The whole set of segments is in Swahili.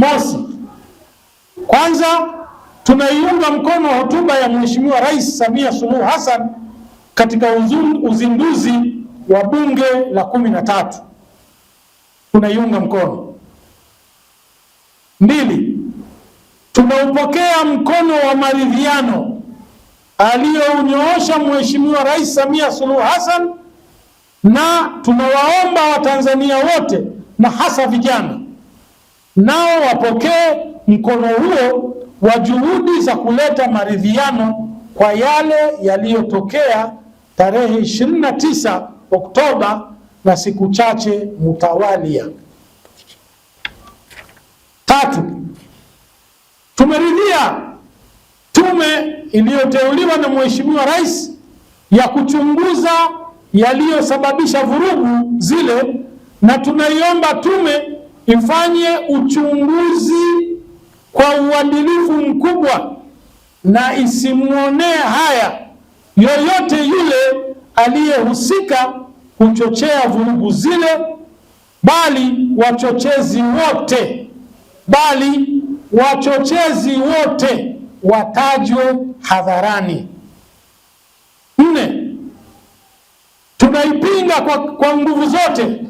Mosi, kwanza tunaiunga mkono hotuba ya Mheshimiwa Rais Samia Suluhu Hassan katika uzinduzi wa Bunge la kumi na tatu, tunaiunga mkono. Mbili, tunaupokea mkono wa maridhiano aliyounyoosha Mheshimiwa Rais Samia Suluhu Hassan, na tunawaomba Watanzania wote na hasa vijana nao wapokee mkono huo wa juhudi za kuleta maridhiano kwa yale yaliyotokea tarehe 29 Oktoba na siku chache mtawalia. Tatu, tumeridhia tume iliyoteuliwa na Mheshimiwa Rais ya kuchunguza yaliyosababisha vurugu zile, na tunaiomba tume ifanye uchunguzi kwa uadilifu mkubwa na isimwonee haya yoyote yule aliyehusika kuchochea vurugu zile, bali wachochezi wote bali wachochezi wote watajwe hadharani. Nne, tunaipinga kwa, kwa nguvu zote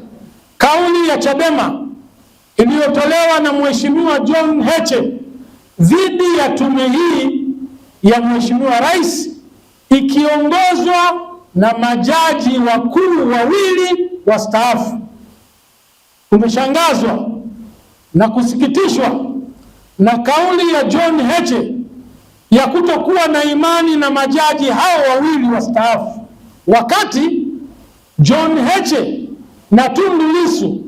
kauli ya Chadema iliyotolewa na Mheshimiwa John Heche dhidi ya tume hii ya Mheshimiwa Rais ikiongozwa na majaji wakuu wawili wastaafu. umeshangazwa na kusikitishwa na kauli ya John Heche ya kutokuwa na imani na majaji hao wawili wastaafu, wakati John Heche na Tundu Lissu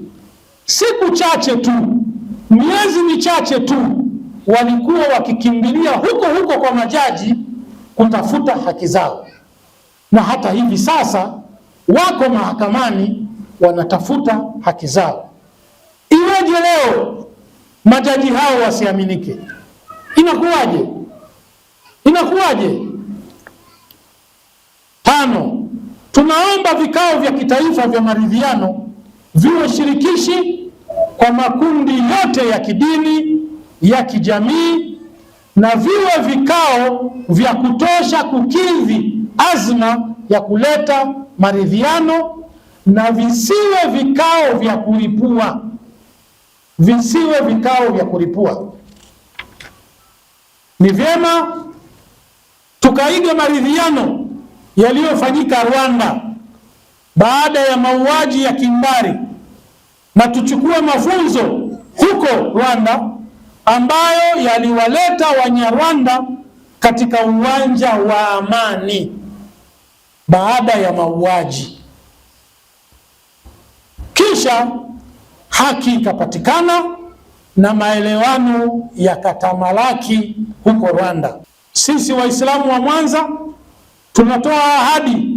Siku chache tu, miezi michache tu, walikuwa wakikimbilia huko huko kwa majaji kutafuta haki zao, na hata hivi sasa wako mahakamani wanatafuta haki zao. Iweje leo majaji hao wasiaminike? Inakuwaje? Inakuwaje? Tano, tunaomba vikao vya kitaifa vya maridhiano viwe shirikishi kwa makundi yote ya kidini, ya kijamii na viwe vikao vya kutosha kukidhi azma ya kuleta maridhiano, na visiwe vikao vya kulipua, visiwe vikao vya kulipua. Ni vyema tukaiga maridhiano yaliyofanyika Rwanda baada ya mauaji ya kimbari, na tuchukue mafunzo huko Rwanda ambayo yaliwaleta Wanyarwanda katika uwanja wa amani baada ya mauaji, kisha haki ikapatikana na maelewano yakatamalaki huko Rwanda. Sisi Waislamu wa Mwanza tunatoa ahadi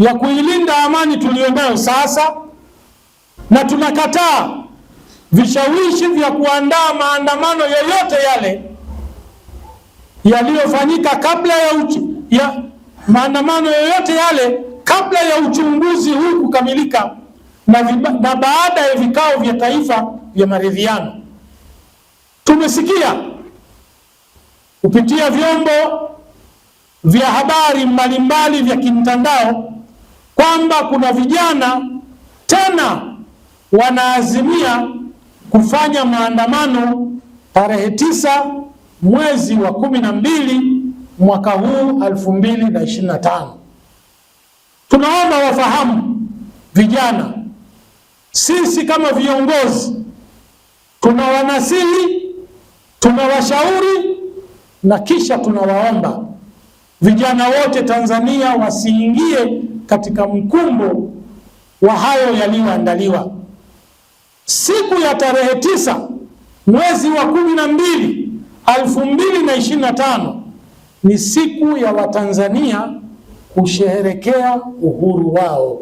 ya kuilinda amani tuliyonayo sasa, na tunakataa vishawishi vya kuandaa maandamano yoyote yale yaliyofanyika kabla ya, uchi, ya maandamano yoyote yale kabla ya uchunguzi huu kukamilika na, viba, na baada ya vikao vya taifa vya maridhiano. Tumesikia kupitia vyombo vya habari mbalimbali vya kimtandao kwamba kuna vijana tena wanaazimia kufanya maandamano tarehe tisa mwezi wa kumi na mbili mwaka huu elfu mbili na ishirini na tano. Tunaomba wafahamu vijana, sisi kama viongozi tuna wanasili tuna washauri na kisha tunawaomba vijana wote Tanzania wasiingie katika mkumbo wa hayo yaliyoandaliwa siku ya tarehe tisa mwezi wa kumi na mbili elfu mbili na ishirini na tano ni siku ya Watanzania kusherehekea uhuru wao.